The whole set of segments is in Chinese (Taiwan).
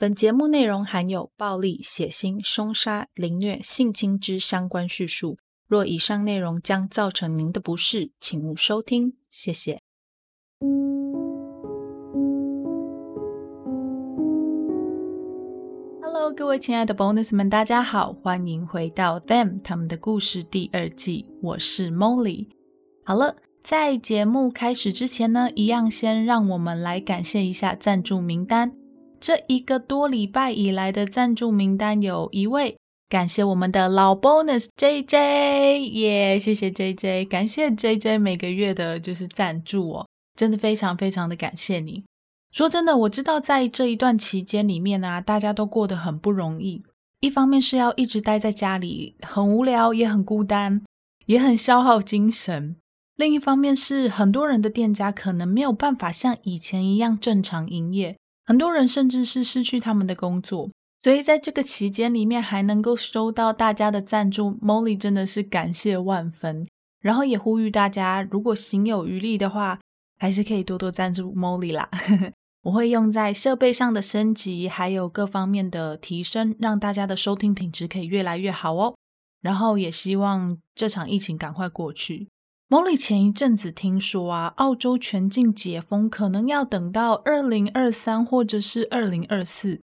本節目內容含有暴力、血腥、兇殺、凌虐、性侵之相關敘述，若以上內容將造成您的不適，請勿收聽。謝謝。Hello，各位親愛的 Bonus 們，大家好，歡迎回到《Them 他們的故事》第二季，我是 Molly。好了，在節目開始之前呢，一樣先讓我們來感謝一下贊助名單。這一個多禮拜以來的贊助名單有一位，感謝我們的老 Bonus JJ，耶，謝謝 JJ，感謝 JJ 每個月的就是贊助哦，真的非常非常的感謝你。說真的，我知道在這一段期間裡面啊，大家都過得很不容易。一方面是要一直待在家裡，很無聊，也很孤單，也很消耗精神；另一方面是很多人的店家可能沒有辦法像以前一樣正常營業。很多人甚至是失去他們的工作，所以在這個期間裡面還能夠收到大家的贊助，Molly 真的是感謝萬分。然後也呼籲大家，如果行有餘力的話，還是可以多多贊助 Molly 啦。 我會用在設備上的升級，還有各方面的提升，讓大家的收聽品質可以越來越好哦。然後也希望這場疫情趕快過去。Molly 前一陣子聽說啊，澳洲全境解封可能要等到二零二三或者是二零二四。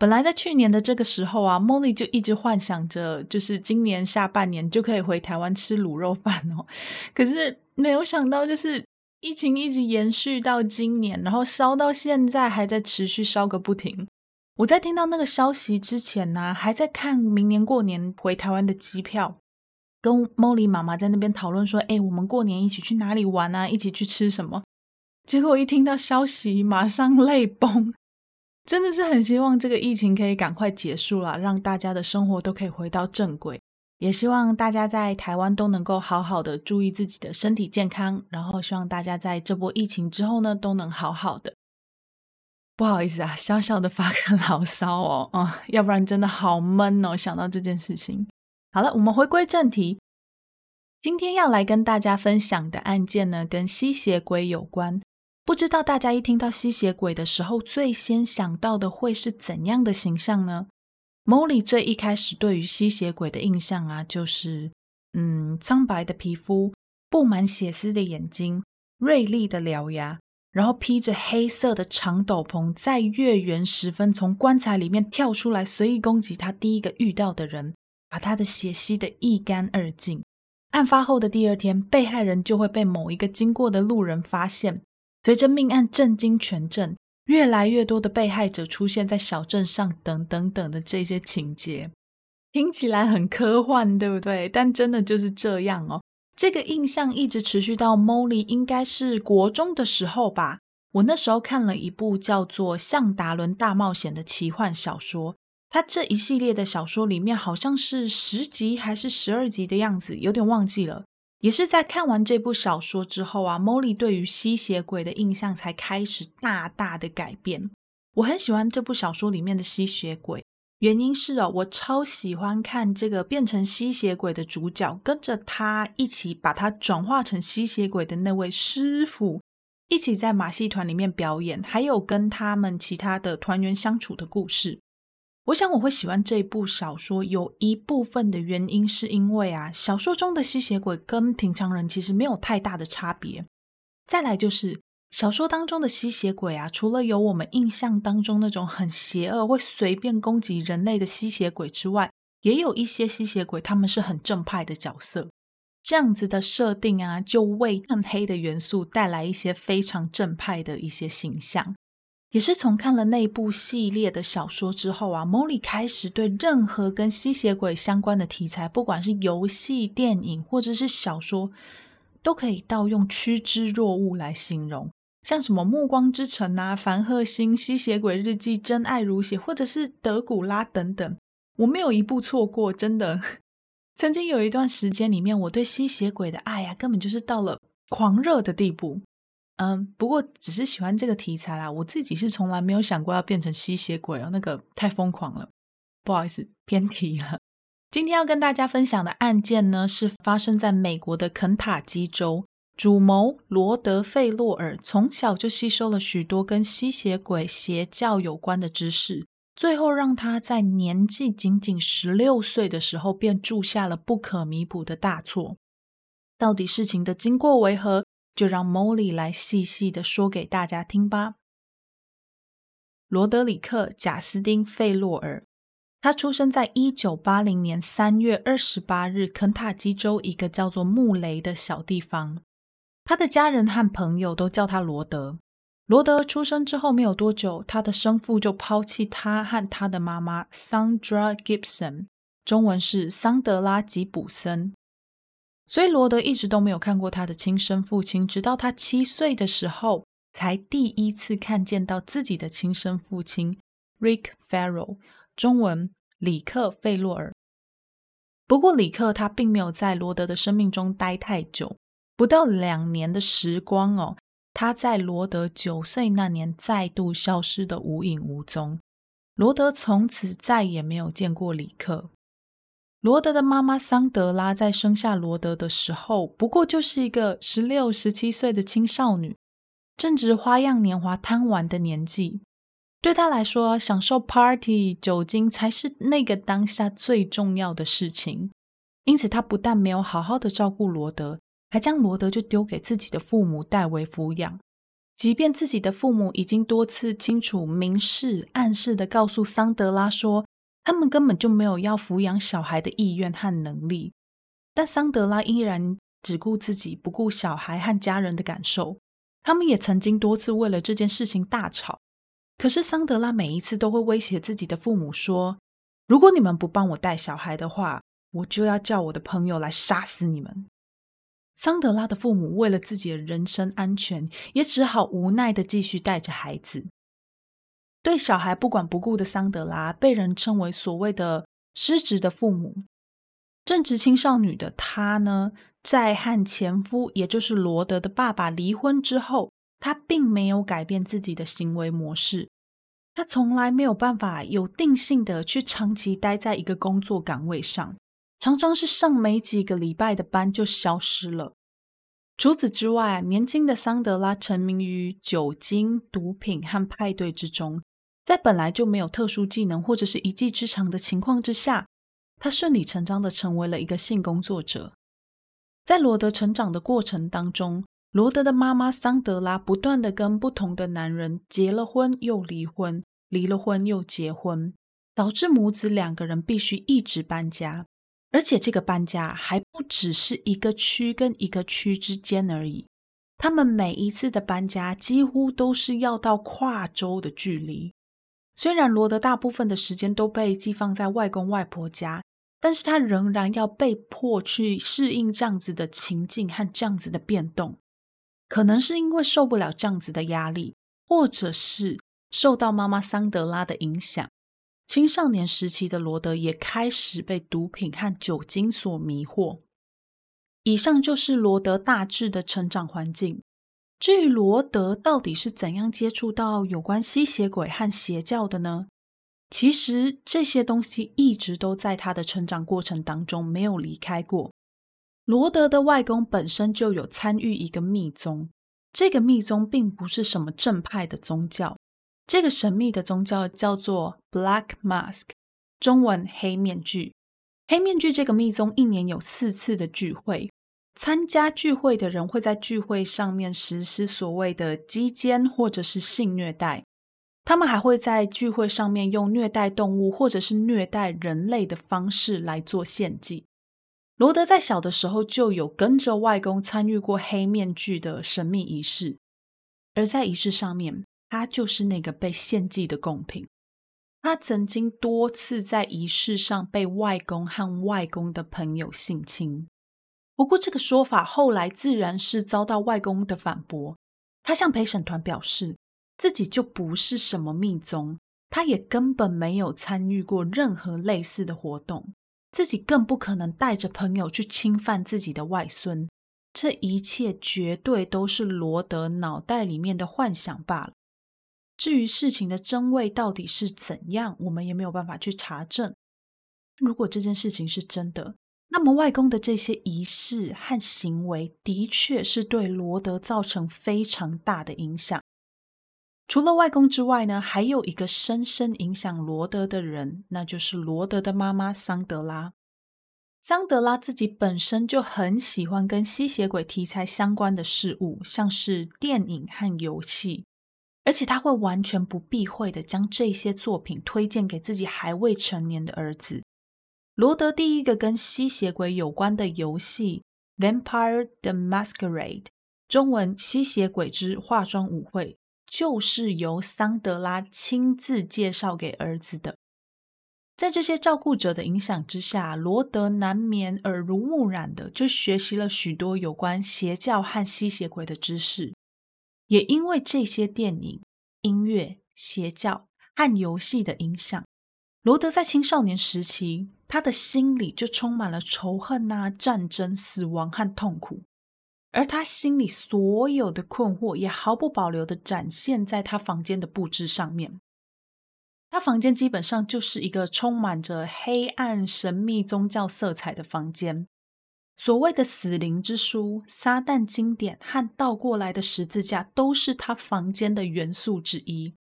本來在去年的這個時候啊，Molly 就一直幻想着，就是今年下半年就可以回台灣吃滷肉飯哦。可是沒有想到，就是疫情一直延續到今年，然後燒到現在還在持續燒個不停。我在聽到那個消息之前呢、啊，還在看明年過年回台灣的機票。跟 Molly 媽媽在那邊討論說：“哎，我們過年一起去哪裡玩啊，一起去吃什麼？”結果一聽到消息，馬上淚崩。真的是很希望這個疫情可以趕快結束啦，讓大家的生活都可以回到正軌。也希望大家在台灣都能夠好好的注意自己的身體健康。然後希望大家在這波疫情之後呢，都能好好的。不好意思啊，小小的發個牢騷哦、嗯，要不然真的好悶哦。想到這件事情。好了，我們回歸正題。今天要來跟大家分享的案件呢，跟吸血鬼有關。不知道大家一聽到吸血鬼的時候，最先想到的會是怎樣的形象呢？Molly 最一開始對於吸血鬼的印象啊，就是嗯，蒼白的皮膚，布滿血絲的眼睛，銳利的獠牙，然後披着黑色的長斗篷，在月圓時分從棺材裡面跳出來，隨意攻擊他第一個遇到的人。把他的血吸得一乾二淨。案發後的第二天，被害人就會被某一個經過的路人發現。隨着命案震驚全鎮，越來越多的被害者出現在小鎮上，等等等的這些情節，聽起來很科幻，對不對？但真的就是這樣哦。這個印象一直持續到 Molly 應該是國中的時候吧。我那時候看了一部叫做《向達倫大冒險》的奇幻小說。他這一系列的小說裡面好像是十集還是十二集的樣子，有點忘記了。也是在看完這部小說之後啊，Molly 對於吸血鬼的印象才開始大大的改變。我很喜歡這部小說裡面的吸血鬼，原因是哦，我超喜歡看這個變成吸血鬼的主角，跟着他一起把他轉化成吸血鬼的那位師傅，一起在馬戲團裡面表演，還有跟他們其他的團員相處的故事。我想我會喜歡這一部小說，有一部分的原因是因為啊，小說中的吸血鬼跟平常人其實沒有太大的差別。再來就是小說當中的吸血鬼啊，除了有我們印象當中那種很邪惡、會隨便攻擊人類的吸血鬼之外，也有一些吸血鬼，他們是很正派的角色。這樣子的設定啊，就為暗黑的元素帶來一些非常正派的一些形象。也是從看了那部系列的小說之後啊，Molly 開始對任何跟吸血鬼相關的題材，不管是遊戲、電影或者是小說，都可以盜用“趨之若鶩”來形容。像什麼《暮光之城》啊、凡赫辛《凡·赫辛吸血鬼日記》、《真愛如血》，或者是《德古拉》等等，我沒有一部錯過，真的。 曾經有一段時間裡面，我對吸血鬼的愛啊，根本就是到了狂熱的地步。嗯，不過只是喜歡這個題材啦。我自己是從來沒有想過要變成吸血鬼哦，那個太瘋狂了。不好意思，偏題了。今天要跟大家分享的案件呢，是發生在美國的肯塔基州。主謀羅德費洛爾從小就吸收了許多跟吸血鬼邪教有關的知識，最後讓他在年紀僅僅十六歲的時候便鑄下了不可彌補的大錯。到底事情的經過為何？就讓 Molly 來細細的說給大家聽吧。羅德里克·賈斯丁·費洛爾，他出生在一九八零年三月二十八日，肯塔基州一個叫做穆雷的小地方。他的家人和朋友都叫他羅德。羅德出生之後沒有多久，他的生父就拋棄他和他的媽媽 Sandra Gibson，中文是桑德拉·吉普森。所以羅德一直都沒有看過他的親生父親，直到他七歲的時候，才第一次看見到自己的親生父親，Rick f a r r e l l 中文：里克·費洛爾）。不過里克他並沒有在羅德的生命中待太久，不到兩年的時光哦，他在羅德九歲那年再度消失的無影無蹤。羅德從此再也沒有見過里克。羅德的媽媽桑德拉在生下羅德的時候，不過就是一個十六、十七歲的青少女，正值花樣年華、貪玩的年紀。對她來說，享受 party、酒精才是那個當下最重要的事情。因此，她不但沒有好好的照顧羅德，還將羅德就丟給自己的父母代為撫養。即便自己的父母已經多次清楚、明示、暗示的告訴桑德拉說。他們根本就沒有要撫養小孩的意願和能力，但桑德拉依然只顧自己，不顧小孩和家人的感受。他們也曾經多次為了這件事情大吵，可是桑德拉每一次都會威脅自己的父母說：“如果你們不幫我帶小孩的話，我就要叫我的朋友來殺死你們。”桑德拉的父母為了自己的人身安全，也只好無奈的繼續帶着孩子。對小孩不管不顧的桑德拉被人稱為所謂的失職的父母。正值青少女的她呢，在和前夫也就是羅德的爸爸離婚之後，她並沒有改變自己的行為模式。她從來沒有辦法有定性的去長期待在一個工作崗位上，常常是上沒幾個禮拜的班就消失了。除此之外，年輕的桑德拉沉迷於酒精、毒品和派對之中。在本來就沒有特殊技能或者是一技之長的情況之下，他順理成章的成為了一個性工作者。在羅德成長的過程當中，羅德的媽媽桑德拉不斷的跟不同的男人結了婚又離婚，離了婚又結婚，導致母子兩個人必須一直搬家。而且這個搬家還不只是一個區跟一個區之間而已，他們每一次的搬家幾乎都是要到跨州的距離。雖然羅德大部分的時間都被寄放在外公外婆家，但是他仍然要被迫去適應這樣子的情境和這樣子的變動。可能是因為受不了這樣子的壓力，或者是受到媽媽桑德拉的影響，青少年時期的羅德也開始被毒品和酒精所迷惑。以上就是羅德大致的成長環境。至於羅德到底是怎樣接觸到有關吸血鬼和邪教的呢？其實這些東西一直都在他的成長過程當中沒有離開過。羅德的外公本身就有參與一個密宗，這個密宗並不是什麼正派的宗教，這個神秘的宗教叫做 Black Mask，中文黑面具。黑面具這個密宗一年有四次的聚會。參加聚會的人會在聚會上面實施所謂的雞奸或者是性虐待，他們還會在聚會上面用虐待動物或者是虐待人類的方式來做獻祭。羅德在小的時候就有跟着外公參與過黑面具的神秘儀式，而在儀式上面，他就是那個被獻祭的貢品。他曾經多次在儀式上被外公和外公的朋友性侵。不過，這個說法後來自然是遭到外公的反駁。他向陪審團表示，自己就不是什麼密宗，他也根本沒有參與過任何類似的活動，自己更不可能帶着朋友去侵犯自己的外孫。這一切絕對都是羅德腦袋裡面的幻想罷了。至於事情的真偽到底是怎樣，我們也沒有辦法去查證。如果這件事情是真的，那麼，外公的這些儀式和行為的確是對羅德造成非常大的影響。除了外公之外呢，還有一個深深影響羅德的人，那就是羅德的媽媽桑德拉。桑德拉自己本身就很喜歡跟吸血鬼題材相關的事物，像是電影和遊戲，而且她會完全不避諱的將這些作品推薦給自己還未成年的兒子。羅德第一個跟吸血鬼有關的遊戲《Vampire the Masquerade》（中文：吸血鬼之化妝舞會）就是由桑德拉親自介紹給兒子的。在這些照顧者的影響之下，羅德難免耳濡目染的就學習了許多有關邪教和吸血鬼的知識，也因為這些電影、音樂、邪教和遊戲的影響。羅德在青少年時期，他的心裡就充滿了仇恨啊、戰爭、死亡和痛苦，而他心裡所有的困惑也毫不保留地展現在他房間的佈置上面。他房間基本上就是一個充滿着黑暗、神秘、宗教色彩的房間。所謂的死靈之書、撒旦經典和倒過來的十字架都是他房間的元素之一。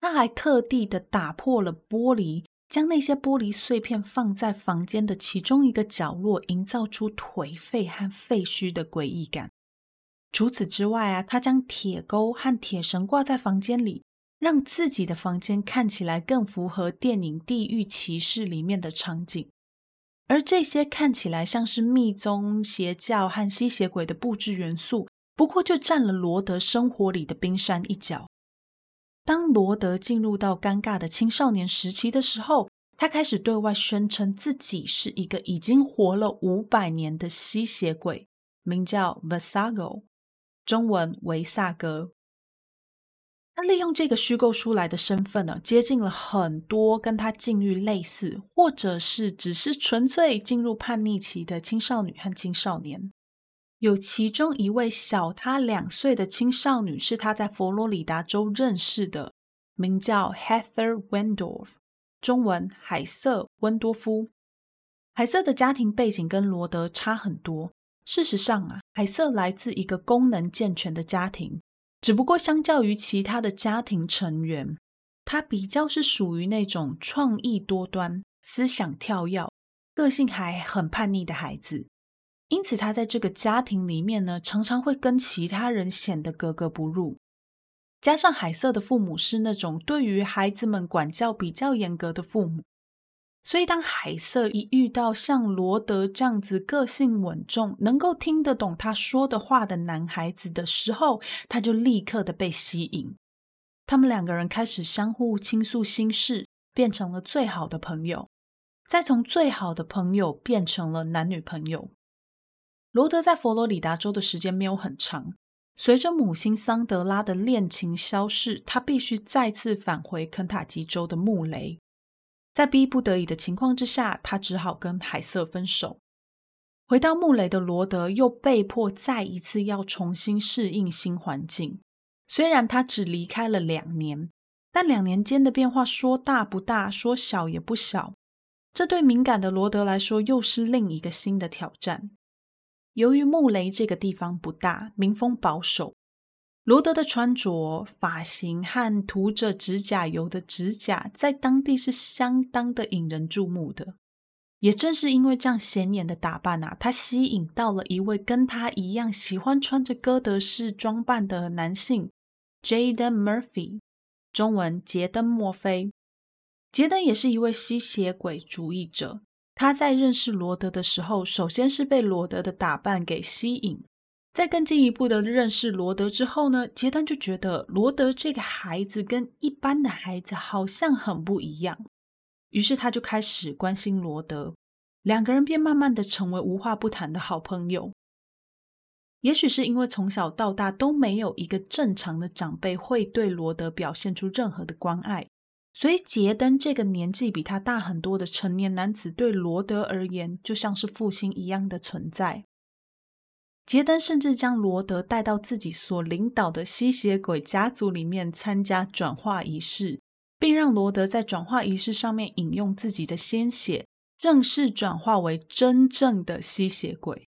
他還特地的打破了玻璃。將那些玻璃碎片放在房間的其中一個角落，營造出頹廢和廢墟的詭異感。除此之外啊，他將鐵鈎和鐵繩掛在房間裡，讓自己的房間看起來更符合電影《地獄騎士》裡面的場景。而這些看起來像是密宗邪教和吸血鬼的布置元素，不過就佔了羅德生活裡的冰山一角。當羅德進入到尷尬的青少年時期的時候，他開始對外宣稱自己是一個已經活了五百年的吸血鬼，名叫 Vasago，中文維薩格。他利用這個虛構出來的身份呢、啊，接近了很多跟他境遇類似，或者是只是純粹進入叛逆期的青少女和青少年。有其中一位小他兩歲的青少女是他在佛羅里達州認識的，名叫 Heather Wendorf，中文海瑟·溫多夫。海瑟的家庭背景跟羅德差很多，事實上啊，海瑟來自一個功能健全的家庭，只不過相較於其他的家庭成員，她比較是屬於那種創意多端、思想跳躍、個性還很叛逆的孩子。因此，他在這個家庭裡面呢，常常會跟其他人顯得格格不入。加上海瑟的父母是那種對於孩子們管教比較嚴格的父母，所以當海瑟一遇到像羅德這樣子個性穩重、能夠聽得懂他說的話的男孩子的時候，他就立刻的被吸引。他們兩個人開始相互傾訴心事，變成了最好的朋友，再從最好的朋友變成了男女朋友。羅德在佛羅里達州的時間沒有很長。隨着母親桑德拉的戀情消逝，他必須再次返回肯塔基州的穆雷。在逼不得已的情況之下，他只好跟海瑟分手。回到穆雷的羅德，又被迫再一次要重新適應新環境。雖然他只離開了兩年，但兩年間的變化說大不大，說小也不小。這對敏感的羅德來說，又是另一個新的挑戰。由於穆雷這個地方不大，民風保守，羅德的穿着、髮型和塗着指甲油的指甲，在當地是相當的引人注目的。也正是因為這樣顯眼的打扮啊，他吸引到了一位跟他一樣喜歡穿着哥德式裝扮的男性，Jaden Murphy（ 中文杰登·墨菲）。杰登也是一位吸血鬼主義者。他在認識羅德的時候，首先是被羅德的打扮給吸引。在更進一步的認識羅德之後呢，傑登就覺得羅德這個孩子跟一般的孩子好像很不一樣，於是他就開始關心羅德，兩個人便慢慢的成為無話不談的好朋友。也許是因為從小到大都沒有一個正常的長輩會對羅德表現出任何的關愛。所以，傑登這個年紀比他大很多的成年男子，對羅德而言就像是父親一樣的存在。傑登甚至將羅德帶到自己所領導的吸血鬼家族裡面參加轉化儀式，並讓羅德在轉化儀式上面飲用自己的鮮血，正式轉化為真正的吸血鬼。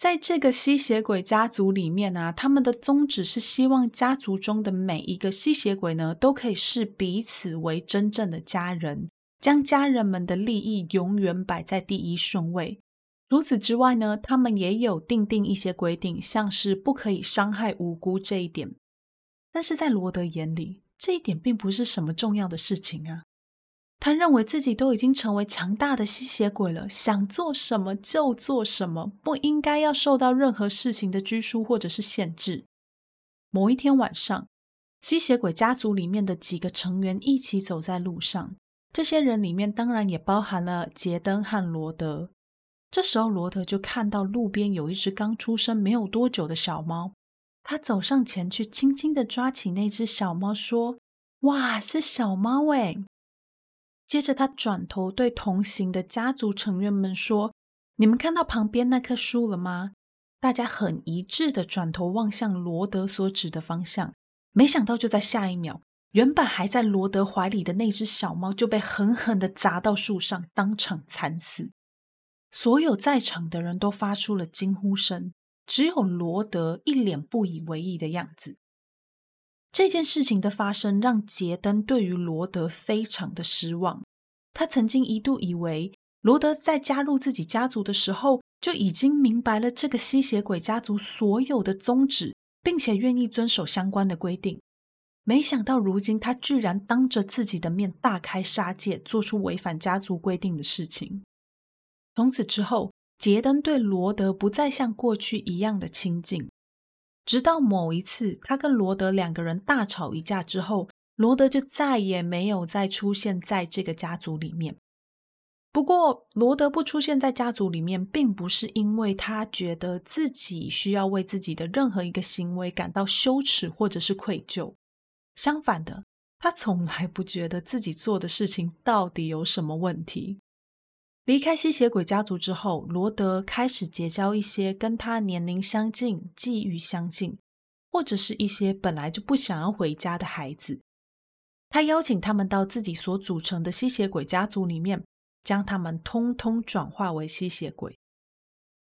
在這個吸血鬼家族裡面啊，他們的宗旨是希望家族中的每一個吸血鬼呢，都可以視彼此為真正的家人，將家人們的利益永遠擺在第一順位。除此之外呢，他們也有訂定一些規定，像是不可以傷害無辜這一點，但是在羅德眼裡，這一點並不是什麼重要的事情啊。他認為自己都已經成為強大的吸血鬼了，想做什麼就做什麼，不應該要受到任何事情的拘束或者是限制。某一天晚上，吸血鬼家族裡面的幾個成員一起走在路上，這些人裡面當然也包含了傑登和羅德。這時候，羅德就看到路邊有一隻剛出生沒有多久的小貓，他走上前去，輕輕的抓起那隻小貓，說：“哇，是小貓欸。”接着，他轉頭對同行的家族成員們說：“你們看到旁邊那棵樹了嗎？”大家很一致的轉頭望向羅德所指的方向。沒想到，就在下一秒，原本還在羅德懷裡的那隻小貓就被狠狠的砸到樹上，當場慘死。所有在場的人都發出了驚呼聲，只有羅德一臉不以為意的樣子。這件事情的發生讓傑登對於羅德非常的失望。他曾經一度以為羅德在加入自己家族的時候就已經明白了這個吸血鬼家族所有的宗旨，並且願意遵守相關的規定。沒想到如今他居然當着自己的面大開殺戒，做出違反家族規定的事情。從此之後，傑登對羅德不再像過去一樣的親近。直到某一次，他跟羅德兩個人大吵一架之後，羅德就再也沒有再出現在這個家族裡面。不過，羅德不出現在家族裡面，並不是因為他覺得自己需要為自己的任何一個行為感到羞恥或者是愧疚，相反的，他從來不覺得自己做的事情到底有什麼問題。離開吸血鬼家族之後，羅德開始結交一些跟他年齡相近、際遇相近，或者是一些本來就不想要回家的孩子。他邀請他們到自己所組成的吸血鬼家族裡面，將他們通通轉化為吸血鬼。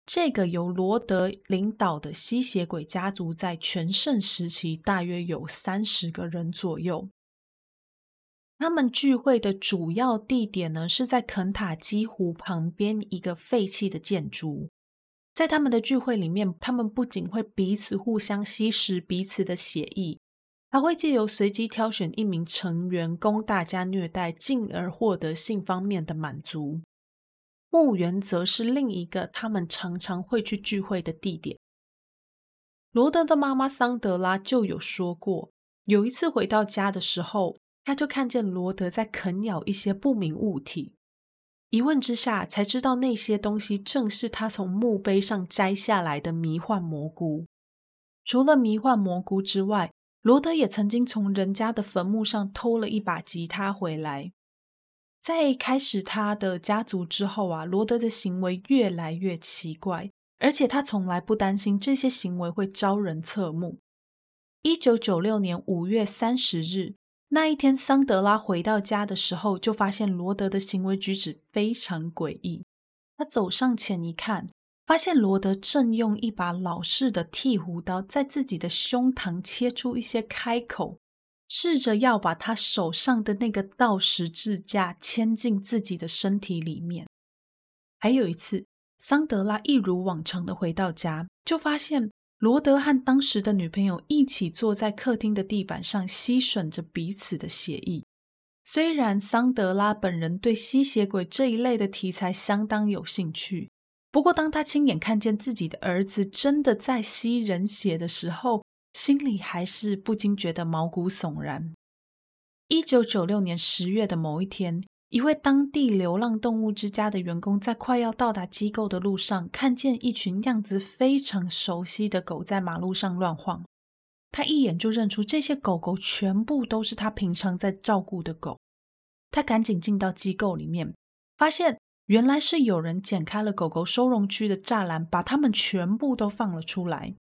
這個由羅德領導的吸血鬼家族在全盛時期大約有三十個人左右。他們聚會的主要地點呢，是在肯塔基湖旁邊一個廢棄的建築。在他們的聚會裡面，他們不僅會彼此互相吸食彼此的血液，還會借由隨機挑選一名成員供大家虐待，進而獲得性方面的滿足。墓園則是另一個他們常常會去聚會的地點。羅德的媽媽桑德拉就有說過，有一次回到家的時候。他就看見羅德在啃咬一些不明物體，一問之下才知道那些東西正是他從墓碑上摘下來的迷幻蘑菇。除了迷幻蘑菇之外，羅德也曾經從人家的墳墓上偷了一把吉他回來。在一開始他的家族之後啊，羅德的行為越來越奇怪，而且他從來不擔心這些行為會招人側目。一九九六年五月三十日。那一天，桑德拉回到家的時候，就發現羅德的行為舉止非常詭異。他走上前一看，發現羅德正用一把老式的剃鬍刀在自己的胸膛切出一些開口，試着要把他手上的那個倒十字架嵌進自己的身體裡面。還有一次，桑德拉一如往常的回到家，就發現。羅德和當時的女朋友一起坐在客廳的地板上，吸吮着彼此的血液。雖然桑德拉本人對吸血鬼這一類的題材相當有興趣，不過當他親眼看見自己的兒子真的在吸人血的時候，心裡還是不禁覺得毛骨悚然。一九九六年十月的某一天。一位當地流浪動物之家的員工在快要到達機構的路上，看見一群樣子非常熟悉的狗在馬路上亂晃。他一眼就認出這些狗狗全部都是他平常在照顧的狗。他趕緊進到機構裡面，發現原來是有人剪開了狗狗收容區的柵欄，把它們全部都放了出來。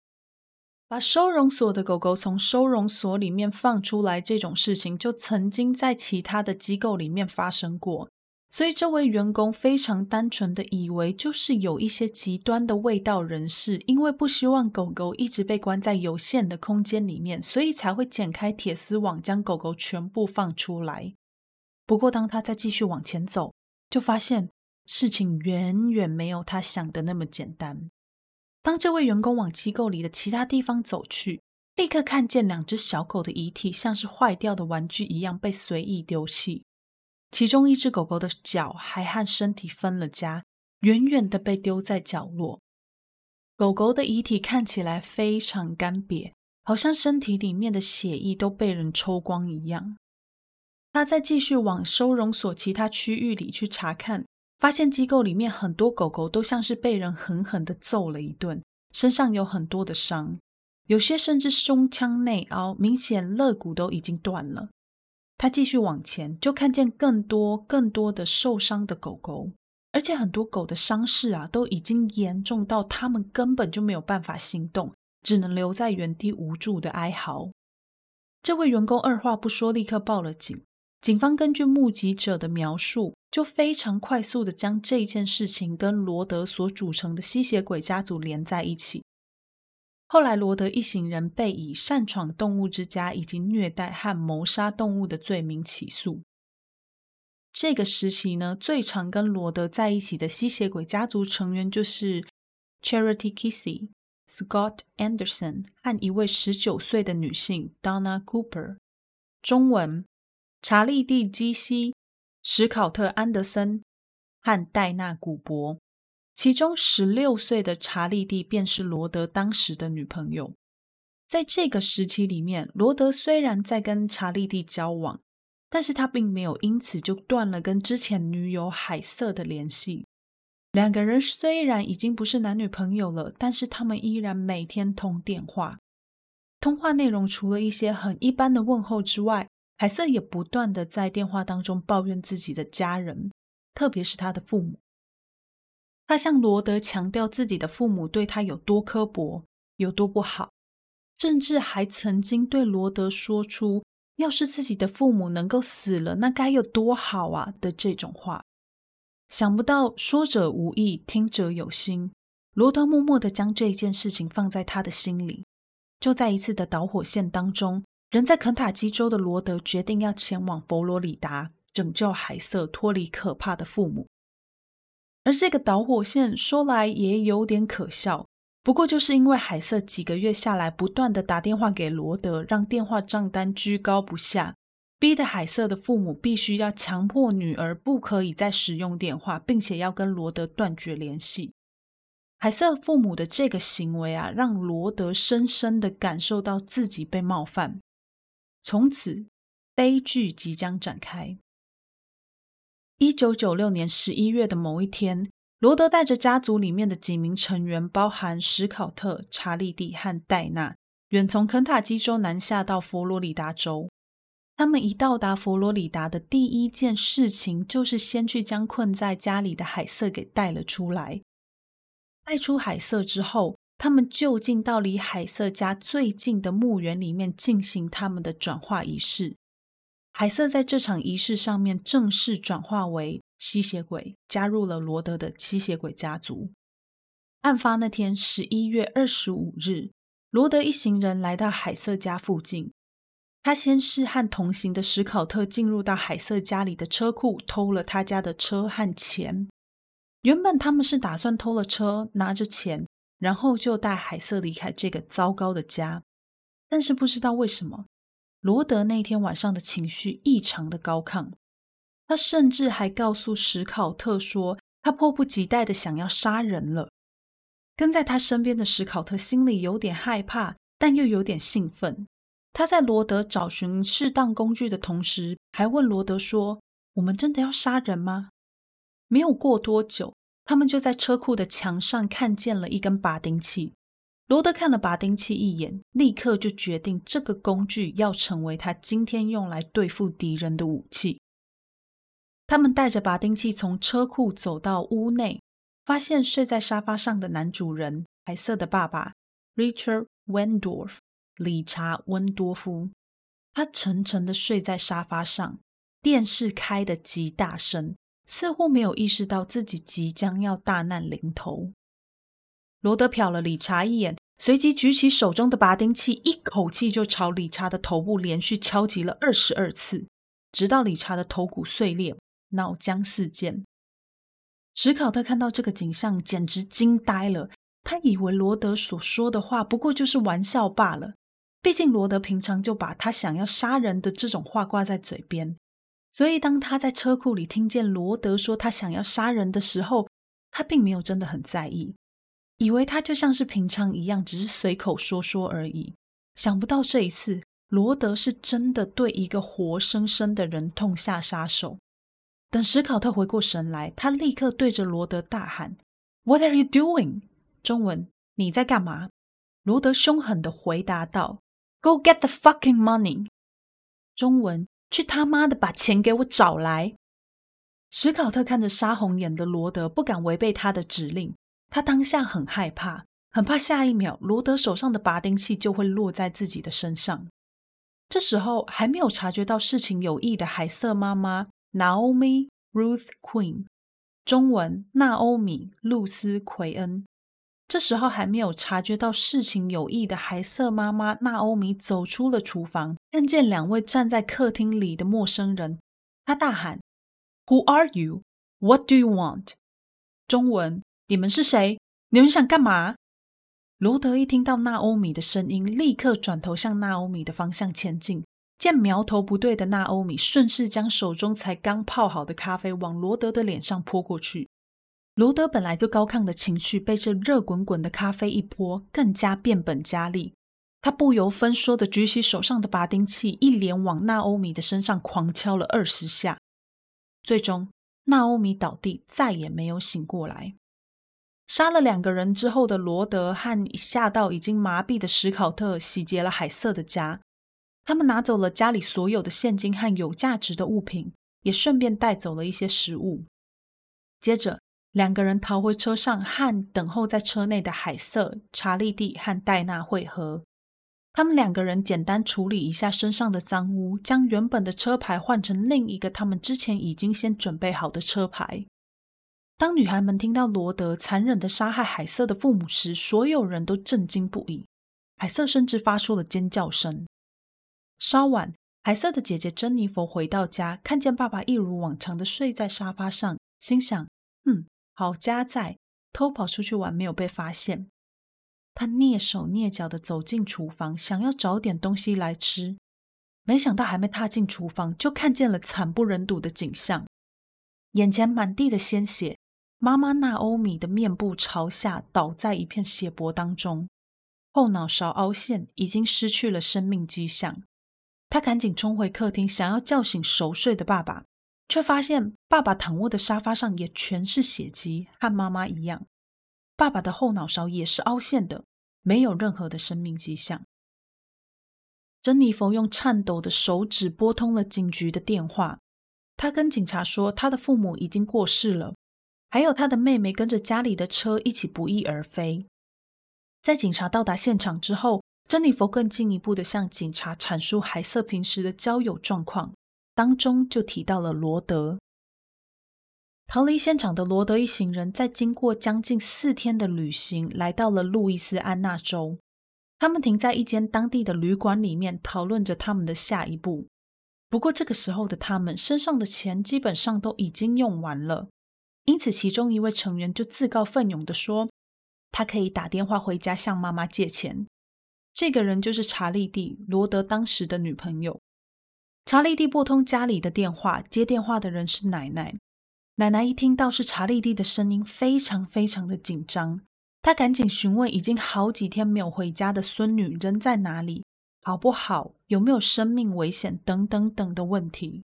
把收容所的狗狗從收容所裡面放出來這種事情，就曾經在其他的機構裡面發生過。所以這位員工非常單純的以為，就是有一些極端的衛道人士，因為不希望狗狗一直被關在有限的空間裡面，所以才會剪開鐵絲網，將狗狗全部放出來。不過，當他再繼續往前走，就發現事情遠遠沒有他想的那麼簡單。當這位員工往機構裡的其他地方走去，立刻看見兩隻小狗的遺體，像是壞掉的玩具一樣被隨意丟棄。其中一隻狗狗的腳還和身體分了家，遠遠的被丟在角落。狗狗的遺體看起來非常乾癟，好像身體裡面的血液都被人抽光一樣。他再繼續往收容所其他區域裡去查看。發現機構裡面很多狗狗都像是被人狠狠地揍了一頓，身上有很多的傷，有些甚至胸腔內凹，明顯肋骨都已經斷了。他繼續往前，就看見更多更多的受傷的狗狗，而且很多狗的傷勢啊都已經嚴重到它們根本就沒有辦法行動，只能留在原地無助的哀嚎。這位員工二話不說，立刻報了警。警方根據目擊者的描述。就非常快速地將這件事情跟羅德所組成的吸血鬼家族連在一起。後來，羅德一行人被以擅闖動物之家以及虐待和謀殺動物的罪名起訴。這個時期呢，最常跟羅德在一起的吸血鬼家族成員就是 Charity Kissy、Scott Anderson 和一位十九歲的女性 Donna Cooper。中文：查理蒂·基西。史考特·安德森和戴納·古博，其中16歲的查利蒂便是羅德當時的女朋友。在這個時期裡面，羅德雖然在跟查利蒂交往，但是他並沒有因此就斷了跟之前女友海瑟的聯繫。兩個人雖然已經不是男女朋友了，但是他們依然每天通電話。通話內容除了一些很一般的問候之外，海瑟也不斷的在電話當中抱怨自己的家人，特別是他的父母。他向羅德強調自己的父母對他有多刻薄，有多不好，甚至還曾經對羅德說出：“要是自己的父母能夠死了，那該有多好啊！”的這種話。想不到說者無意，聽者有心。羅德默默的將這一件事情放在他的心裡。就在一次的導火線當中。人在肯塔基州的羅德決定要前往佛羅里達，拯救海瑟脫離可怕的父母，而這個導火線說來也有點可笑。不過就是因為海瑟幾個月下來不斷的打電話給羅德，讓電話賬單居高不下，逼得海瑟的父母必須要強迫女兒不可以再使用電話，並且要跟羅德斷絕聯繫。海瑟父母的這個行為啊，讓羅德深深的感受到自己被冒犯。從此，悲劇即將展開。一九九六年十一月的某一天，羅德帶着家族裡面的幾名成員，包含史考特、查利蒂和戴娜，遠從肯塔基州南下到佛羅里達州。他們一到達佛羅里達的第一件事情，就是先去將困在家裡的海瑟給帶了出來。帶出海瑟之後，他們就近到離海瑟家最近的墓園裡面進行他們的轉化儀式。海瑟在這場儀式上面正式轉化為吸血鬼，加入了羅德的吸血鬼家族。案發那天，十一月二十五日，羅德一行人來到海瑟家附近。他先是和同行的史考特進入到海瑟家裡的車庫，偷了他家的車和錢。原本他們是打算偷了車，拿着錢。然後就帶海瑟離開這個糟糕的家，但是不知道為什麼，羅德那天晚上的情緒異常的高亢，他甚至還告訴史考特說，他迫不及待的想要殺人了。跟在他身邊的史考特心裡有點害怕，但又有點興奮。他在羅德找尋適當工具的同時，還問羅德說：“我們真的要殺人嗎？”沒有過多久。他們就在車庫的牆上看見了一根拔釘器。羅德看了拔釘器一眼，立刻就決定這個工具要成為他今天用來對付敵人的武器。他們帶着拔釘器從車庫走到屋內，發現睡在沙發上的男主人——白色的爸爸，Richard Wendorf，理查·溫多夫。他沉沉的睡在沙發上，電視開的極大聲。似乎沒有意識到自己即將要大難臨頭。羅德瞟了理查一眼，隨即舉起手中的拔釘器，一口氣就朝理查的頭部連續敲擊了二十二次，直到理查的頭骨碎裂，腦漿四濺。史考特看到這個景象，簡直驚呆了。他以為羅德所說的話不過就是玩笑罷了，畢竟羅德平常就把他想要殺人的這種話掛在嘴邊。所以，當他在車庫裡聽見羅德說他想要殺人的時候，他並沒有真的很在意，以為他就像是平常一樣，只是隨口說說而已。想不到這一次，羅德是真的對一個活生生的人痛下殺手。等史考特回過神來，他立刻對着羅德大喊：“What are you doing？” 中文，你在幹嘛？羅德兇狠地回答道：“Go get the fucking money。”中文。去他媽的，把錢給我找來！史考特看着殺紅眼的羅德，不敢違背他的指令。他當下很害怕，很怕下一秒羅德手上的拔釘器就會落在自己的身上。這時候還沒有察覺到事情有異的海瑟媽媽，Naomi Ruth Queen（ 中文：娜歐米·露絲·奎恩）。這時候還沒有察覺到事情有異的海瑟媽媽納歐米走出了廚房，看見，見兩位站在客廳裡的陌生人，她大喊：“Who are you? What do you want?” 中文：你們是誰？你們想幹嘛？羅德一聽到納歐米的聲音，立刻轉頭向納歐米的方向前進。見苗頭不對的納歐米，順勢將手中才剛泡好的咖啡往羅德的臉上潑過去。羅德本來就高亢的情緒被這熱滾滾的咖啡一潑，更加變本加厲。他不由分說的舉起手上的拔釘器，一連往娜歐米的身上狂敲了二十下。最終，娜歐米倒地，再也沒有醒過來。殺了兩個人之後的羅德和嚇到已經麻痹的史考特洗劫了海瑟的家。他們拿走了家裡所有的現金和有價值的物品，也順便帶走了一些食物。接着，兩個人逃回車上，和等候在車內的海瑟、查利蒂和戴娜會合。他們兩個人簡單處理一下身上的髒污，將原本的車牌換成另一個他們之前已經先準備好的車牌。當女孩們聽到羅德殘忍的殺害海瑟的父母時，所有人都震驚不已。海瑟甚至發出了尖叫聲。稍晚，海瑟的姐姐珍妮佛回到家，看見爸爸一如往常的睡在沙發上，心想：“嗯。”好家在，偷跑出去玩，沒有被發現。他躡手躡腳地走進廚房，想要找點東西來吃。沒想到還沒踏進廚房，就看見了慘不忍睹的景象：眼前滿地的鮮血，媽媽娜歐米的面部朝下倒在一片血泊當中，後腦勺凹陷，已經失去了生命跡象。他趕緊衝回客廳，想要叫醒熟睡的爸爸。卻發現爸爸躺臥的沙發上也全是血跡，和媽媽一樣，爸爸的後腦勺也是凹陷的，沒有任何的生命跡象。珍妮佛用顫抖的手指撥通了警局的電話，他跟警察說他的父母已經過世了，還有他的妹妹跟着家裡的車一起不翼而飛。在警察到達現場之後，珍妮佛更進一步的向警察闡述海瑟平時的交友狀況。當中就提到了羅德。逃離現場的羅德一行人在經過將近四天的旅行，來到了路易斯安那州。他們停在一間當地的旅館裡面，討論着他們的下一步。不過這個時候的他們身上的錢基本上都已經用完了，因此其中一位成員就自告奮勇的說，他可以打電話回家向媽媽借錢。這個人就是查利蒂，羅德當時的女朋友。查理蒂撥通家裡的電話，接電話的人是奶奶。奶奶一聽到是查理蒂的聲音，非常非常的緊張，她趕緊詢問已經好幾天沒有回家的孫女人在哪裡，好不好，有沒有生命危險等等等等的問題。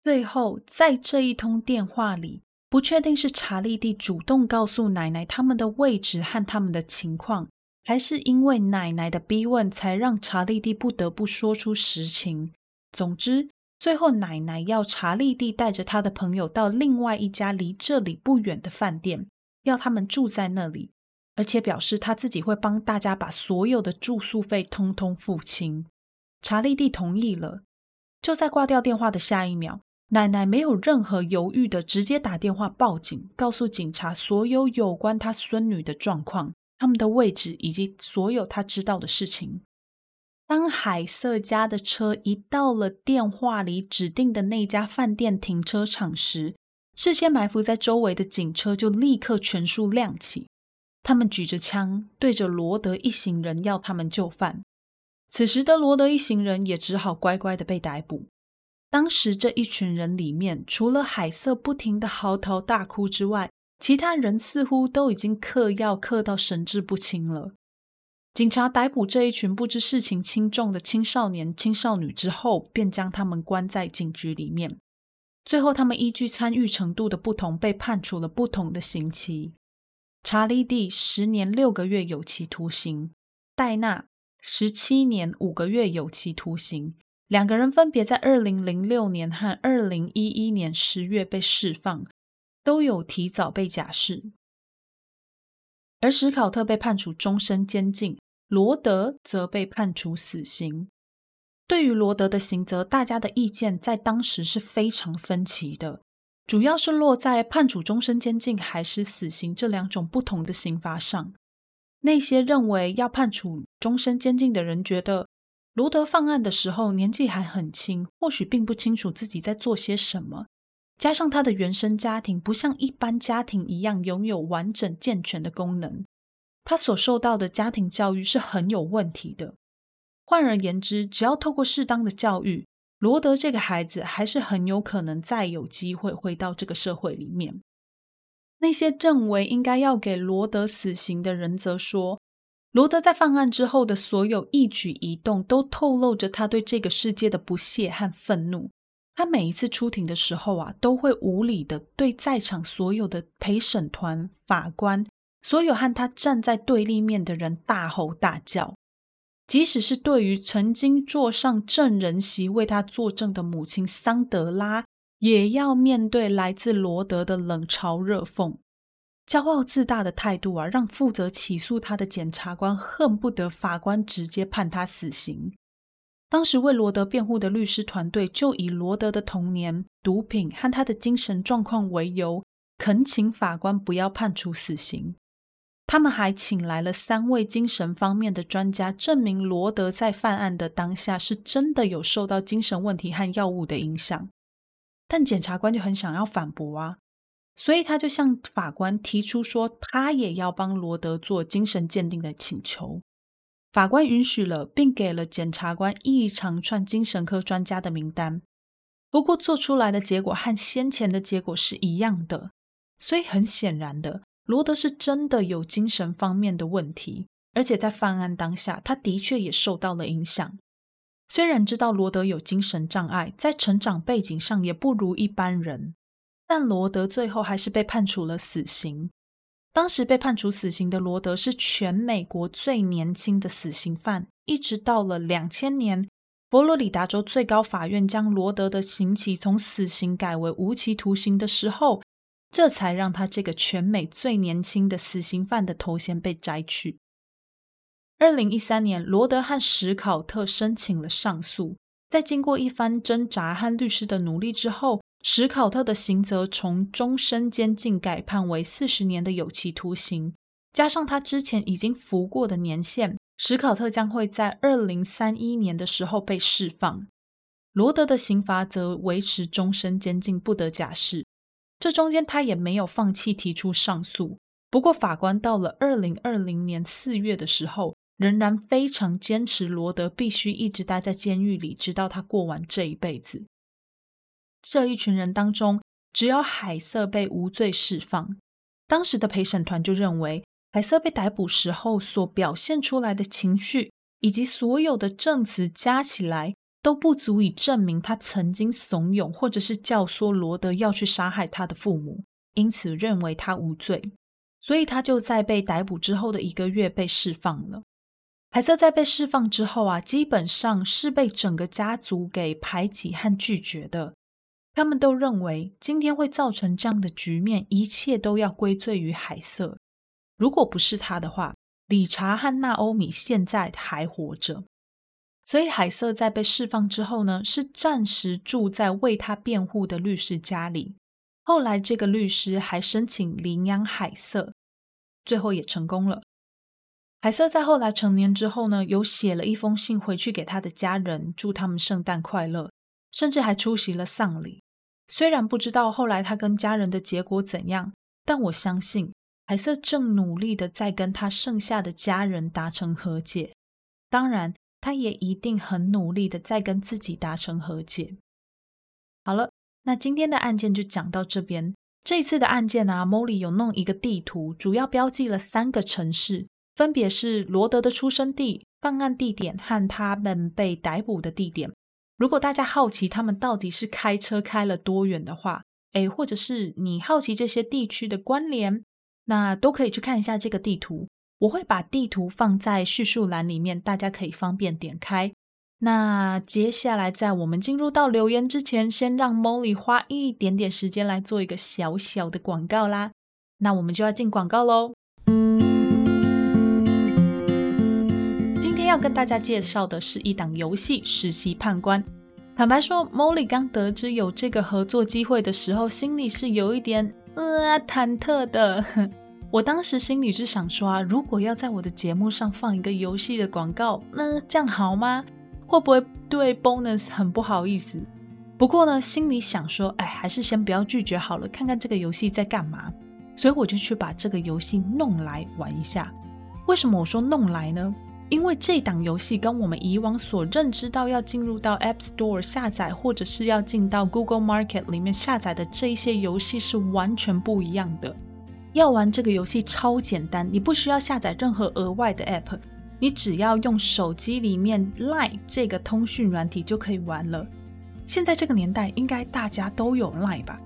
最後，在這一通電話裡，不確定是查理蒂主動告訴奶奶他們的位置和他們的情況，還是因為奶奶的逼問，才讓查理蒂不得不說出實情。總之，最後奶奶要查莉蒂帶着她的朋友到另外一家離這裡不遠的飯店，要他們住在那裡，而且表示她自己會幫大家把所有的住宿費通通付清。查莉蒂同意了。就在掛掉電話的下一秒，奶奶沒有任何猶豫的直接打電話報警，告訴警察所有有關她孫女的狀況、他們的位置以及所有她知道的事情。當海瑟家的車一到了電話裡指定的那家飯店停車場時，事先埋伏在周圍的警車就立刻全數亮起，他們舉着槍對着羅德一行人，要他們就範。此時的羅德一行人也只好乖乖的被逮捕。當時這一群人裡面，除了海瑟不停的嚎啕大哭之外，其他人似乎都已經嗑藥嗑到神志不清了。警察逮捕這一群不知事情輕重的青少年、青少女之後，便將他們關在警局裡面。最後，他們依據參與程度的不同，被判處了不同的刑期：查理蒂十年六個月有期徒刑，戴娜十七年五個月有期徒刑。兩個人分別在二零零六年和二零一一年十月被釋放，都有提早被假釋。而史考特被判處終身監禁。羅德則被判處死刑。對於羅德的刑責，大家的意見在當時是非常分歧的，主要是落在判處終身監禁還是死刑這兩種不同的刑罰上。那些認為要判處終身監禁的人覺得，羅德犯案的時候年紀還很輕，或許並不清楚自己在做些什麼，加上他的原生家庭不像一般家庭一樣擁有完整健全的功能。他所受到的家庭教育是很有問題的。換而言之，只要透過適當的教育，羅德這個孩子還是很有可能再有機會回到這個社會裡面。那些認為應該要給羅德死刑的人則說，羅德在犯案之後的所有一舉一動都透露着他對這個世界的不屑和憤怒。他每一次出庭的時候啊，都會無理的對在場所有的陪審團、法官，所有和他站在對立面的人大吼大叫，即使是對於曾經坐上證人席為他作證的母親桑德拉，也要面對來自羅德的冷嘲熱諷。驕傲自大的態度啊，讓負責起訴他的檢察官恨不得法官直接判他死刑。當時為羅德辯護的律師團隊就以羅德的童年、毒品和他的精神狀況為由，懇請法官不要判處死刑。他們還請來了三位精神方面的專家，證明羅德在犯案的當下是真的有受到精神問題和藥物的影響。但檢察官就很想要反駁啊，所以他就向法官提出說，他也要幫羅德做精神鑑定的請求。法官允許了，並給了檢察官一長串精神科專家的名單。不過做出來的結果和先前的結果是一樣的，所以很顯然的。羅德是真的有精神方面的問題，而且在犯案當下，他的確也受到了影響。雖然知道羅德有精神障礙，在成長背景上也不如一般人，但羅德最後還是被判處了死刑。當時被判處死刑的羅德是全美國最年輕的死刑犯。一直到了兩千年，佛羅里達州最高法院將羅德的刑期從死刑改為無期徒刑的時候，這才讓他這個全美最年輕的死刑犯的頭銜被摘去。二零一三年，羅德和史考特申請了上訴，在經過一番掙扎和律師的努力之後，史考特的刑責從終身監禁改判為四十年的有期徒刑，加上他之前已經服過的年限，史考特將會在二零三一年的時候被釋放。羅德的刑罰則維持終身監禁，不得假釋。這中間他也沒有放棄提出上訴，不過法官到了二零二零年四月的時候，仍然非常堅持羅德必須一直待在監獄裡，直到他過完這一輩子。這一群人當中，只有海瑟被無罪釋放。當時的陪審團就認為，海瑟被逮捕時候所表現出來的情緒，以及所有的證詞加起來。都不足以證明他曾經慫恿或者是教唆羅德要去殺害他的父母，因此認為他無罪，所以他就在被逮捕之後的一個月被釋放了。海瑟在被釋放之後啊，基本上是被整個家族給排擠和拒絕的，他們都認為今天會造成這樣的局面，一切都要歸罪於海瑟。如果不是他的話，理查和娜歐米現在還活着。所以，海瑟在被釋放之後呢，是暫時住在為他辯護的律師家裡。後來，這個律師還申請領養海瑟，最後也成功了。海瑟在後來成年之後呢，有寫了一封信回去給他的家人，祝他們聖誕快樂，甚至還出席了喪禮。雖然不知道後來他跟家人的結果怎樣，但我相信海瑟正努力的在跟他剩下的家人達成和解。當然，他也一定很努力的在跟自己達成和解。好了，那今天的案件就講到這邊。這一次的案件呢，啊，Molly 有弄一個地圖，主要標記了三個城市，分別是羅德的出生地、犯案地點和他們被逮捕的地點。如果大家好奇他們到底是開車開了多遠的話，誒，或者是你好奇這些地區的關聯，那都可以去看一下這個地圖。我會把地圖放在敘述欄裡面，大家可以方便點開。那接下來在我們進入到留言之前，先讓 Molly 花一點點時間來做一個小小的廣告啦。那我們就要進廣告嘍。今天要跟大家介紹的是一檔遊戲《實習判官》。坦白說，Molly 剛得知有這個合作機會的時候，心裡是有一點呃忐忑的。 我當時心裡是想說啊，如果要在我的節目上放一個遊戲的廣告，那這樣好嗎？會不會對 Bonus 很不好意思？不過呢，心裡想說，哎，還是先不要拒絕好了，看看這個遊戲在幹嘛。所以我就去把這個遊戲弄來玩一下。為什麼我說弄來呢？因為這檔遊戲跟我們以往所認知到要進入到 App Store 下載，或者是要進到 Google Market 裡面下載的這一些遊戲是完全不一樣的。要玩這個遊戲超簡單，你不需要下載任何額外的 App，你只要用手機裡面 LINE 這個通訊軟體就可以玩了。現在這個年代，應該大家都有 LINE 吧？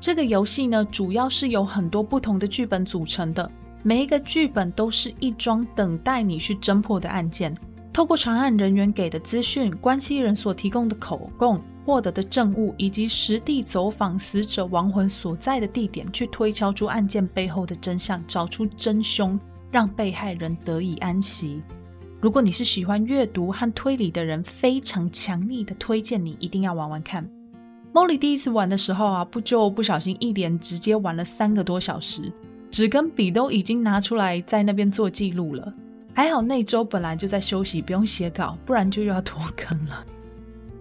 這個遊戲呢，主要是由很多不同的劇本組成的，每一個劇本都是一樁等待你去偵破的案件，透過傳案人員給的資訊、關係人所提供的口供。獲得的證物，以及實地走訪死者亡魂所在的地點，去推敲出案件背後的真相，找出真兇，讓被害人得以安息。如果你是喜歡閱讀和推理的人，非常強力的推薦你一定要玩玩看。Molly 第一次玩的時候啊，不就不小心一連直接玩了三個多小時，紙跟筆都已經拿出來在那邊做記錄了。還好那週本來就在休息，不用寫稿，不然就又要拖更了。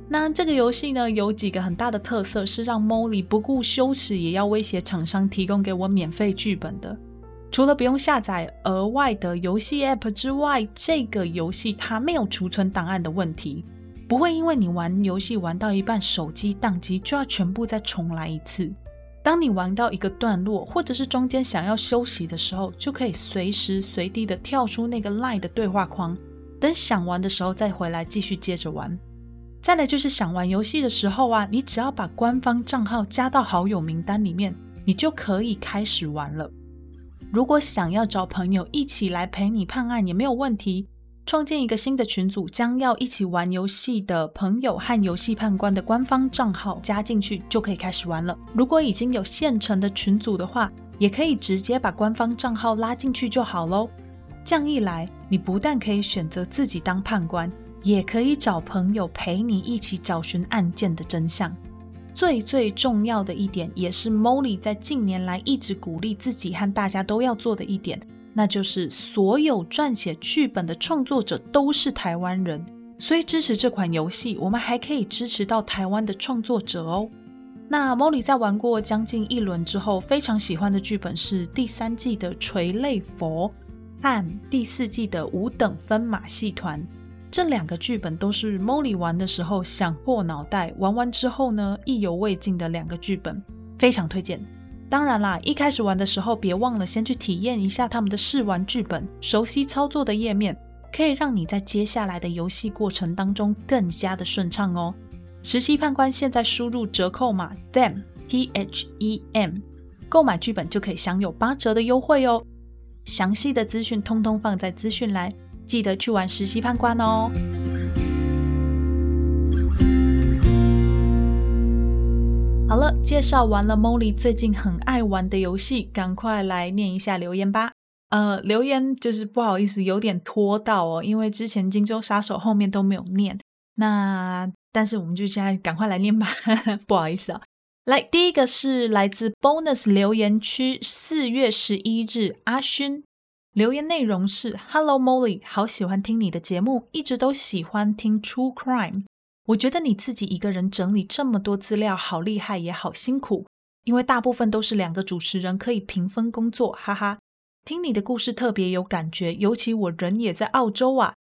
那這個遊戲呢，有幾個很大的特色是讓 Molly 不顧羞恥也要威脅廠商提供給我免費劇本的。除了不用下載額外的遊戲 App 之外，這個遊戲它沒有儲存檔案的問題，不會因為你玩遊戲玩到一半手機當機就要全部再重來一次。當你玩到一個段落，或者是中間想要休息的時候，就可以隨時隨地的跳出那個 Line 的對話框，等想玩的時候再回來繼續接着玩。再來就是想玩遊戲的時候啊，你只要把官方賬號加到好友名單裡面，你就可以開始玩了。如果想要找朋友一起來陪你判案，也沒有問題。創建一個新的群組，將要一起玩遊戲的朋友和遊戲判官的官方賬號加進去，就可以開始玩了。如果已經有現成的群組的話，也可以直接把官方賬號拉進去就好嘍。這樣一來，你不但可以選擇自己當判官，也可以找朋友陪你一起找尋案件的真相。最最重要的一點，也是 Molly 在近年來一直鼓勵自己和大家都要做的一點，那就是所有撰寫劇本的創作者都是台灣人。所以支持這款遊戲，我們還可以支持到台灣的創作者哦。那 Molly 在玩過將近一輪之後，非常喜歡的劇本是第三季的《垂淚佛》和第四季的《五等分馬戲團》。這兩個劇本都是 Molly 玩的時候想破腦袋，玩完之後呢，意猶未盡的兩個劇本，非常推薦。當然啦，一開始玩的時候別忘了先去體驗一下他們的試玩劇本，熟悉操作的頁面，可以讓你在接下來的遊戲過程當中更加的順暢哦。實習判官，現在輸入折扣碼 them p h e m，購買劇本就可以享有八折的優惠哦。詳細的資訊通通放在資訊欄。記得去玩實習判官哦。好了，介紹完了，Molly 最近很愛玩的遊戲，趕快來念一下留言吧。呃，留言就是不好意思，有點拖到哦，因為之前《金州殺手》後面都沒有念。那但是我們就現在趕快來念吧呵呵，不好意思啊。來，第一個是來自 Bonus 留言區四月十一日阿薰。留言內容是：Hello Molly，好喜歡聽你的節目，一直都喜歡聽 True Crime。我覺得你自己一個人整理這麼多資料，好厲害也好辛苦，因為大部分都是兩個主持人可以平分工作，哈哈。聽你的故事特別有感覺，尤其我人也在澳洲啊。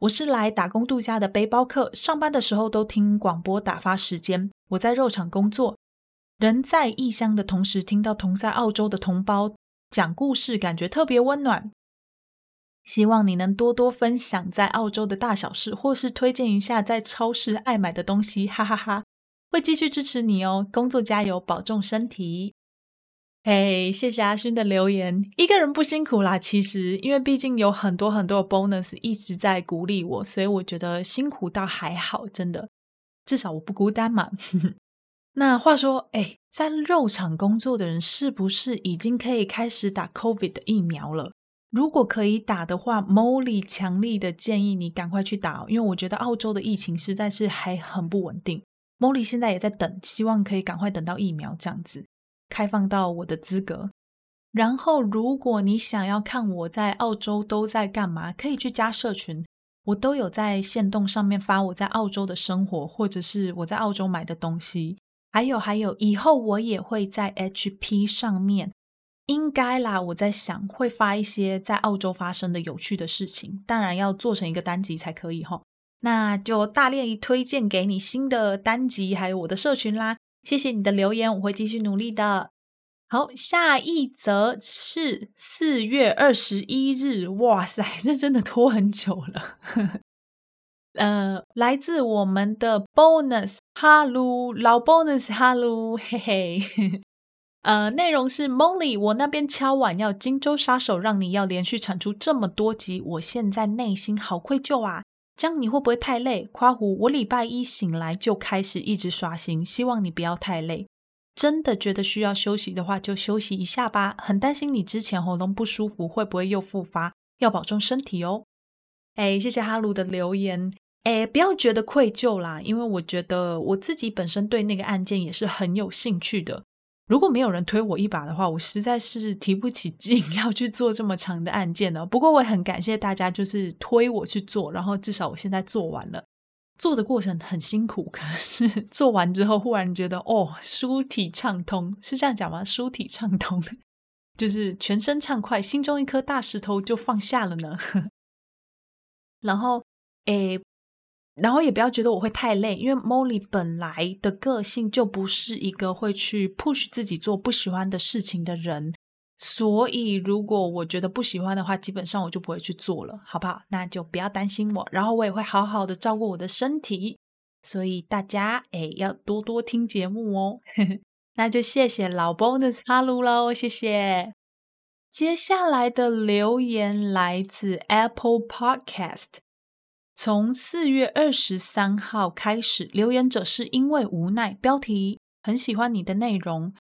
我是來打工度假的背包客，上班的時候都聽廣播打發時間。我在肉廠工作，人在異鄉的同時，聽到同在澳洲的同胞。講故事感覺特別溫暖，希望你能多多分享在澳洲的大小事，或是推薦一下在超市愛買的東西，哈哈哈哈！會繼續支持你哦，工作加油，保重身體。嘿、hey，謝謝阿薰的留言，一個人不辛苦啦。其實，因為畢竟有很多很多的 bonus 一直在鼓勵我，所以我覺得辛苦倒還好，真的，至少我不孤單嘛。 那話說，哎，在肉廠工作的人是不是已經可以開始打 COVID 的疫苗了？如果可以打的話，Molly 強力的建議你趕快去打哦，因為我覺得澳洲的疫情實在是還很不穩定。Molly 現在也在等，希望可以趕快等到疫苗這樣子開放到我的資格。然後，如果你想要看我在澳洲都在幹嘛，可以去加社群，我都有在限動上面發我在澳洲的生活，或者是我在澳洲買的東西。還有還有，以後我也會在 HP 上面，應該啦。我在想會發一些在澳洲發生的有趣的事情，當然要做成一個單集才可以吼。那就大力推薦給你新的單集，還有我的社群啦。謝謝你的留言，我會繼續努力的。好，下一則是四月二十一日，哇塞，這真的拖很久了。 呃，來自我們的 bonus halu，老 bonus halu，嘿嘿。 呃，內容是 Molly 我那邊敲碗要金州殺手，讓你要連續產出這麼多集，我現在內心好愧疚啊。這樣你會不會太累？誇胡，我禮拜一醒來就開始一直刷新，希望你不要太累。真的覺得需要休息的話，就休息一下吧。很擔心你之前喉嚨不舒服會不會又復發，要保重身體哦。哎、欸，謝謝 halu 的留言。哎、欸，不要覺得愧疚啦，因為我覺得我自己本身對那個案件也是很有興趣的。如果沒有人推我一把的話，我實在是提不起勁要去做這麼長的案件呢。不過我也很感謝大家，就是推我去做，然後至少我現在做完了。做的過程很辛苦，可是做完之後忽然覺得，哦，舒體暢通是這樣講嗎？舒體暢通就是全身暢快，心中一顆大石頭就放下了呢。 然後，哎、欸。然後也不要覺得我會太累，因為 Molly 本來的個性就不是一個會去 push 自己做不喜歡的事情的人，所以如果我覺得不喜歡的話，基本上我就不會去做了，好不好？那就不要擔心我，然後我也會好好的照顧我的身體，所以大家誒要多多聽節目哦。 那就謝謝老 Bonus hello 咯，謝謝。接下來的留言來自 Apple Podcast。從四月二十三號開始，留言者是因為無奈。標題很喜歡你的內容。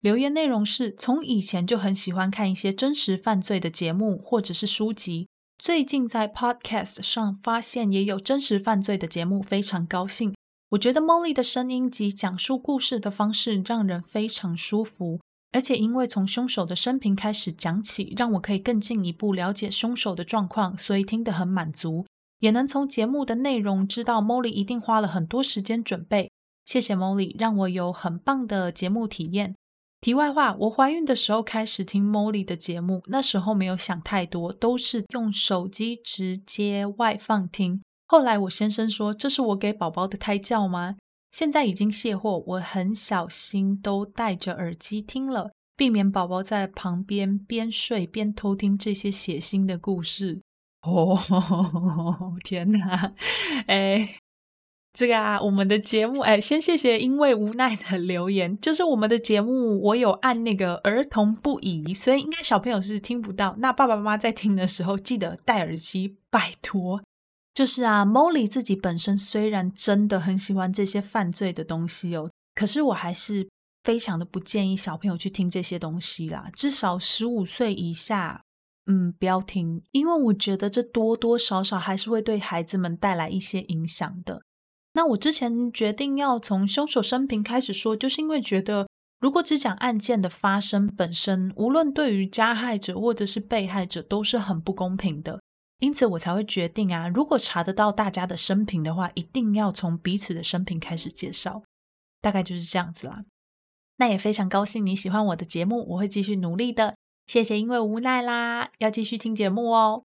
留言內容是：從以前就很喜歡看一些真實犯罪的節目或者是書籍，最近在 Podcast 上發現也有真實犯罪的節目，非常高興。我覺得 Molly 的聲音及講述故事的方式讓人非常舒服，而且因為從兇手的生平開始講起，讓我可以更進一步了解兇手的狀況，所以聽得很滿足。也能從節目的內容知道，Molly 一定花了很多時間準備。謝謝 Molly，讓我有很棒的節目體驗。題外話，我懷孕的時候開始聽 Molly 的節目，那時候沒有想太多，都是用手機直接外放聽。後來我先生說：“這是我給寶寶的胎教嗎？”現在已經卸貨，我很小心，都戴着耳機聽了，避免寶寶在旁邊邊睡邊偷聽這些血腥的故事。哦，天啊，哎、欸，這個啊，我們的節目哎、欸，先謝謝因為無奈的留言。就是我們的節目，我有按那個兒童不宜，所以應該小朋友是聽不到。那爸爸媽媽在聽的時候，記得戴耳機，拜託。就是啊，Molly 自己本身雖然真的很喜歡這些犯罪的東西哦，可是我還是非常的不建議小朋友去聽這些東西啦，至少十五歲以下。嗯，不要停，因為我覺得這多多少少還是會對孩子們帶來一些影響的。那我之前決定要從兇手生平開始說，就是因為覺得如果只講案件的發生本身，無論對於加害者或者是被害者都是很不公平的。因此我才會決定啊，如果查得到大家的生平的話，一定要從彼此的生平開始介紹。大概就是這樣子啦。那也非常高興你喜歡我的節目，我會繼續努力的。謝謝，因為無奈啦，要繼續聽節目哦。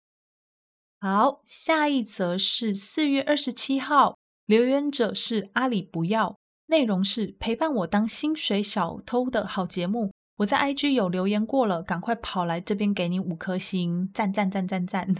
好，下一則是四月二十七號，留言者是阿里不要，內容是陪伴我當薪水小偷的好節目，我在 IG 有留言過了，趕快跑來這邊給你五顆星，讚讚讚讚讚！讚讚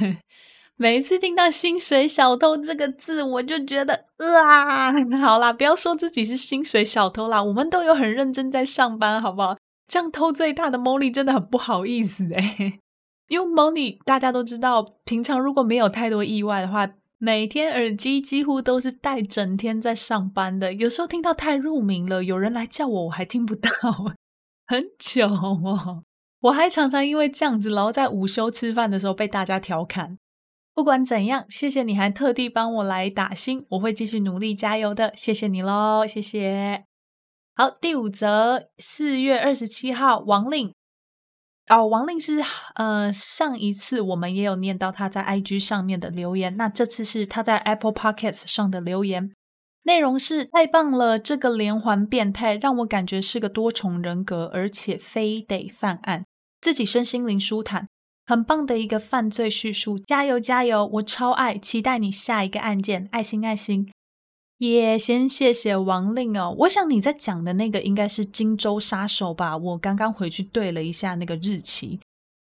讚 每一次聽到薪水小偷這個字，我就覺得啊、呃，好啦，不要說自己是薪水小偷啦，我們都有很認真在上班，好不好？這樣偷最大的 Molly 真的很不好意思欸，因為 Molly 大家都知道，平常如果沒有太多意外的話，每天耳機幾乎都是戴整天在上班的，有時候聽到太入迷了，有人來叫我我還聽不到，很糗哦。我還常常因為這樣子，然後在午休吃飯的時候被大家調侃。不管怎樣，謝謝你還特地幫我來打星，我會繼續努力加油的，謝謝你嘍，謝謝。好，第五則，四月二十七號，王令。哦，王令是呃，上一次我們也有念到他在 IG 上面的留言，那這次是他在 Apple Podcast 上的留言，內容是太棒了，這個連環變態讓我感覺是個多重人格，而且非得犯案，自己身心靈舒坦，很棒的一個犯罪敘述，加油加油，我超愛，期待你下一個案件，愛心愛心。也、yeah, 先謝謝王令哦。我想你在講的那個應該是荊州殺手吧？我剛剛回去對了一下那個日期，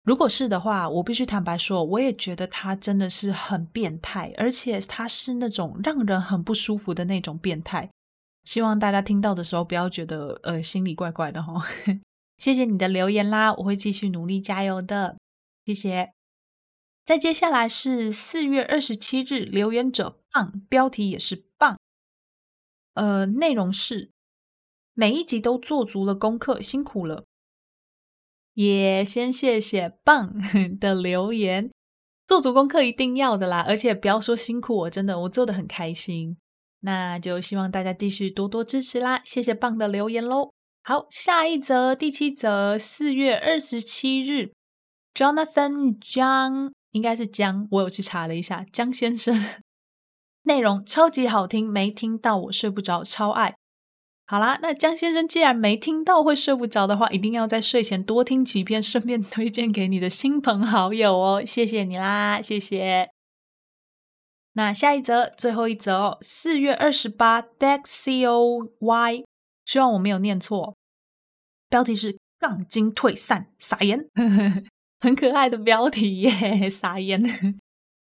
如果是的話，我必須坦白說，我也覺得他真的是很變態，而且他是那種讓人很不舒服的那種變態。希望大家聽到的時候不要覺得呃心裡怪怪的哈、哦。 謝謝你的留言啦，我會繼續努力加油的，謝謝。再接下來是四月二十七日，留言者棒，標題也是。呃，內容是每一集都做足了功課，辛苦了，也、yeah, 先謝謝棒的留言。做足功課一定要的啦，而且不要說辛苦，哦，我真的我做得很開心。那就希望大家繼續多多支持啦，謝謝棒的留言嘍。好，下一則第七則，四月二十七日，Jonathan Jianh 應該是江，我有去查了一下，江先生。內容超級好聽，沒聽到我睡不着，超愛。好啦，那江先生既然沒聽到會睡不着的話，一定要在睡前多聽幾遍，順便推薦給你的親朋好友哦。謝謝你啦，謝謝。那下一則，最後一則哦，四月二十八，Dexio. Y，希望我沒有念錯。標題是“槓精退散，撒鹽”， 很可愛的標題耶，撒鹽。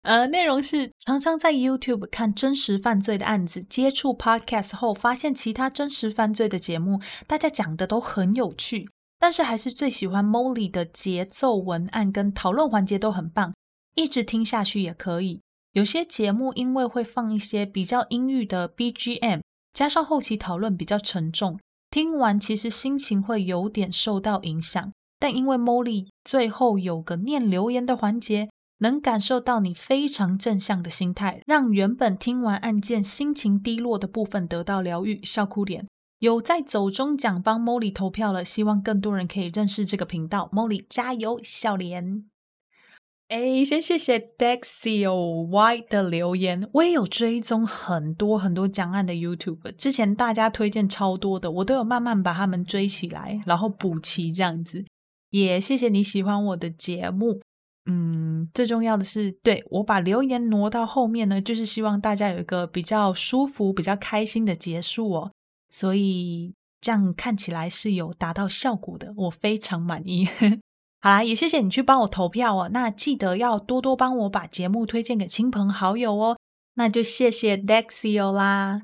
呃，內容是常常在 YouTube 看真實犯罪的案子，接觸 Podcast 後發現其他真實犯罪的節目，大家講得都很有趣，但是還是最喜歡 Molly 的節奏、文案跟討論環節都很棒，一直聽下去也可以。有些節目因為會放一些比較陰鬱的 BGM，加上後期討論比較沉重，聽完其實心情會有點受到影響，但因為 Molly 最後有個念留言的環節。能感受到你非常正向的心態，讓原本聽完案件心情低落的部分得到療癒，笑哭臉有在走中獎幫 Molly 投票了，希望更多人可以認識這個頻道，Molly 加油，笑臉。哎、欸，先謝謝 Dexio Y 的留言，我也有追蹤很多很多講案的 YouTube，之前大家推薦超多的，我都有慢慢把他們追起來，然後補齊這樣子。也謝謝你喜歡我的節目。嗯，最重要的是，對，我把留言挪到後面呢，就是希望大家有一個比較舒服、比較開心的結束哦。所以這樣看起來是有達到效果的，我非常滿意。 好啦，也謝謝你去幫我投票哦。那記得要多多幫我把節目推薦給親朋好友哦。那就謝謝 Dexio 啦。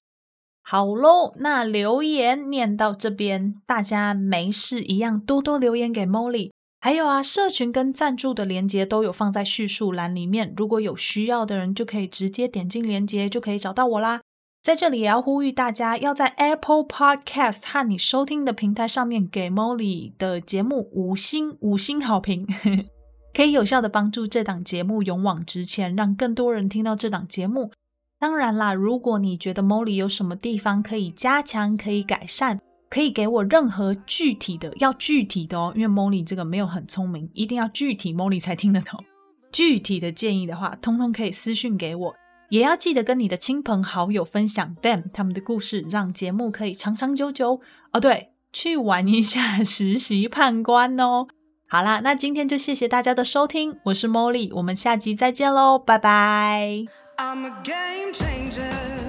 好嘍，那留言念到這邊，大家沒事一樣多多留言給 Molly。還有啊，社群跟贊助的連結都有放在敘述欄裡面，如果有需要的人就可以直接點進連結，就可以找到我啦。在這裡也要呼籲大家，要在 Apple Podcast 和你收聽的平台上面給 Molly 的節目五星五星好評，呵呵可以有效地幫助這檔節目勇往直前，讓更多人聽到這檔節目。當然啦，如果你覺得 Molly 有什麼地方可以加強、可以改善可以給我任何具體的，要具體的哦，因為 Molly 這個沒有很聰明，一定要具體 Molly 才聽得懂。具體的建議的話，通通可以私訊給我，也要記得跟你的親朋好友分享 them 他們的故事，讓節目可以長長久久哦。對，去玩一下實習判官哦。好啦，那今天就謝謝大家的收聽，我是 Molly，我們下集再見嘍，拜拜。I'm a game changer